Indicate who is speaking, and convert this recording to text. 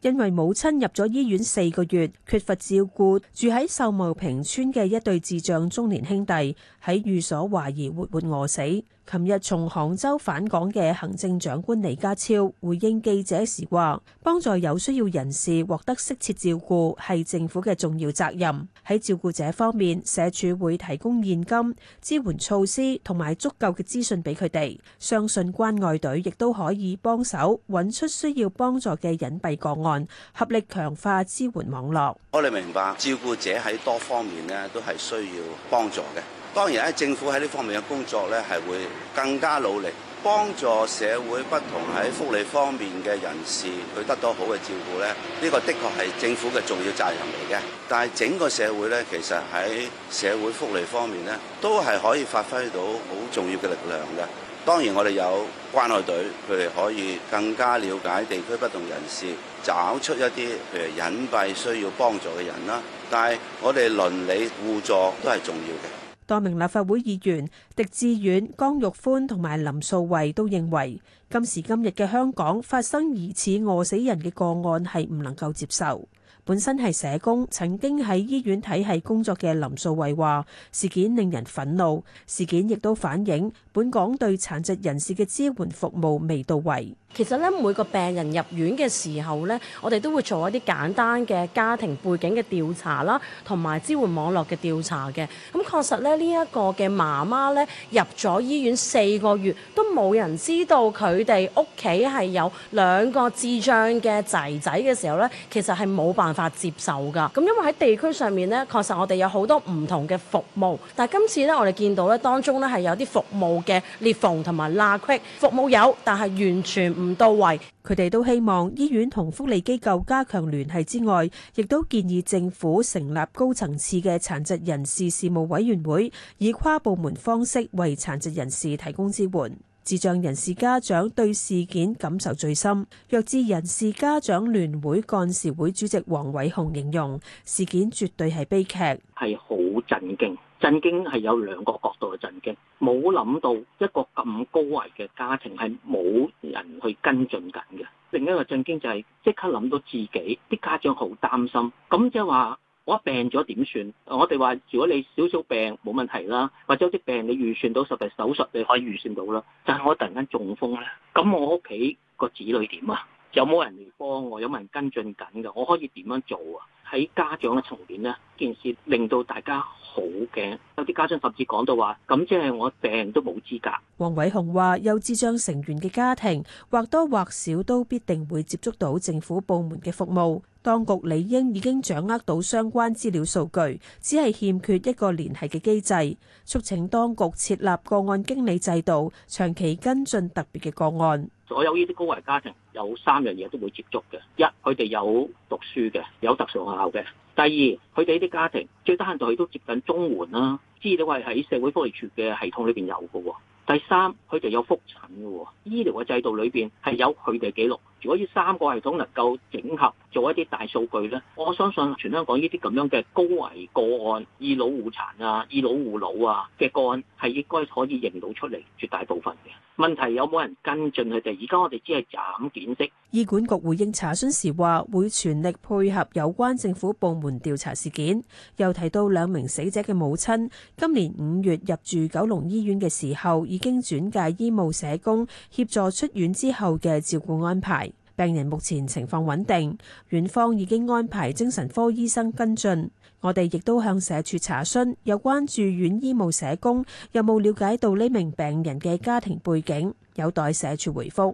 Speaker 1: 因為母親入咗醫院四個月，缺乏照顧，住喺秀茂坪邨嘅一對智障中年兄弟喺寓所懷疑活活餓死。琴日從杭州返港嘅行政長官李家超回應記者時話，幫助有需要人士獲得適切照顧係政府嘅重要責任。喺照顧者方面，社署會提供現金支援措施同埋足夠嘅資訊俾佢哋。相信關愛隊亦都可以幫手揾出需要幫助嘅隱蔽個案。合力強化支援網絡。
Speaker 2: 我哋明白照顧者喺多方面咧都係需要幫助嘅。當然咧，政府喺呢方面嘅工作咧係會更加努力，幫助社會不同喺福利方面嘅人士去得到好嘅照顧咧。呢、呢個的確係政府嘅重要責任嚟嘅。但係整個社會咧，其實喺社會福利方面咧，都係可以發揮到好重要嘅力量嘅。當然，我哋有關愛隊，佢哋可以更加了解地區不同人士，找出一啲譬如隱蔽需要幫助嘅人啦。但係我哋鄰里互助都係重要嘅。
Speaker 1: 多名立法會議員狄志遠、江玉歡同埋林素慧都認為，今時今日嘅香港發生疑似餓死人嘅個案係唔能夠接受。本身係社工，曾經喺醫院體系工作嘅林素慧話，事件令人憤怒，事件亦都反映本港對殘疾人士嘅支援服務未到位。其實咧，每個病人入院嘅時候咧，
Speaker 3: 我哋都會做一啲簡單嘅家庭背景嘅調查啦，同埋支援網絡嘅調查嘅。咁、嗯、確實咧，這個、呢一個嘅媽媽咧入咗醫院四個月，都冇人知道佢哋屋企係有兩個智障嘅仔仔嘅時候咧，其實係冇辦法接受㗎。咁、嗯、因為喺地區上面咧，確實我哋有好多唔同嘅服務，但係今次咧，我哋見到咧，當中咧係有啲服務嘅裂縫同埋
Speaker 1: 罅隙，服務有，但係完全。唔到位，佢哋都希望醫院同福利機構加強聯繫之外，亦都建議政府成立高層次嘅殘疾人士事務委員會，以跨部門方式為殘疾人士提供支援。智障人士家長對事件感受最深，弱智人士家長聯會幹事會主席黃偉雄形容事件絕對係悲劇，
Speaker 4: 係好震驚，震驚係有兩個角度嘅震驚，冇諗到一個咁高危嘅家庭係冇人去跟進緊嘅，另一個震驚就係即刻諗到自己啲家長好擔心，咁即係話。我一病咗點算？我哋話如果你少少病冇問題啦，或者有啲病你預算到實際手術你可以預算到啦。但係我突然間中風咧，咁我屋企個子女點啊？有冇人嚟幫我？有冇人跟進緊㗎？我可以點樣做啊？喺家長嘅層面咧，呢件事令到大家好驚。有啲家長甚至講到話：咁即係我病都冇資格。
Speaker 1: 黃偉雄話：有智障成員嘅家庭或多或少都必定會接觸到政府部門嘅服務。當局理應已經掌握到相關資料數據，只係欠缺一個聯繫嘅機制。促請當局設立個案經理制度，長期跟進特別嘅個案。
Speaker 4: 所有呢啲高危家庭，有三樣嘢都會接觸嘅。一，佢哋有讀書嘅，有特殊啊嘅。第二，佢哋啲家庭最低限度係都接近綜援啦、啊，資料係喺社會福利處嘅系統裏邊有嘅、啊。第三，佢哋有覆診嘅，醫療嘅制度裏邊係有佢哋記錄，如果呢三個系統能夠整合。做一啲大數據呢，我相信全香港呢啲咁樣嘅高危個案，以老護殘啊，以老護老啊嘅個案，係應該可以認到出嚟絕大部分嘅問題，有冇人跟進佢哋？而家我哋只係斬件啫。
Speaker 1: 醫管局回應查詢時話，會全力配合有關政府部門調查事件，又提到兩名死者嘅母親今年五月入住九龍醫院嘅時候，已經轉介醫務社工協助出院之後嘅照顧安排。病人目前情況穩定，院方已經安排精神科醫生跟進，我哋亦都向社署查詢有關住院醫務社工有冇了解到呢名病人嘅家庭背景，有待社署回覆。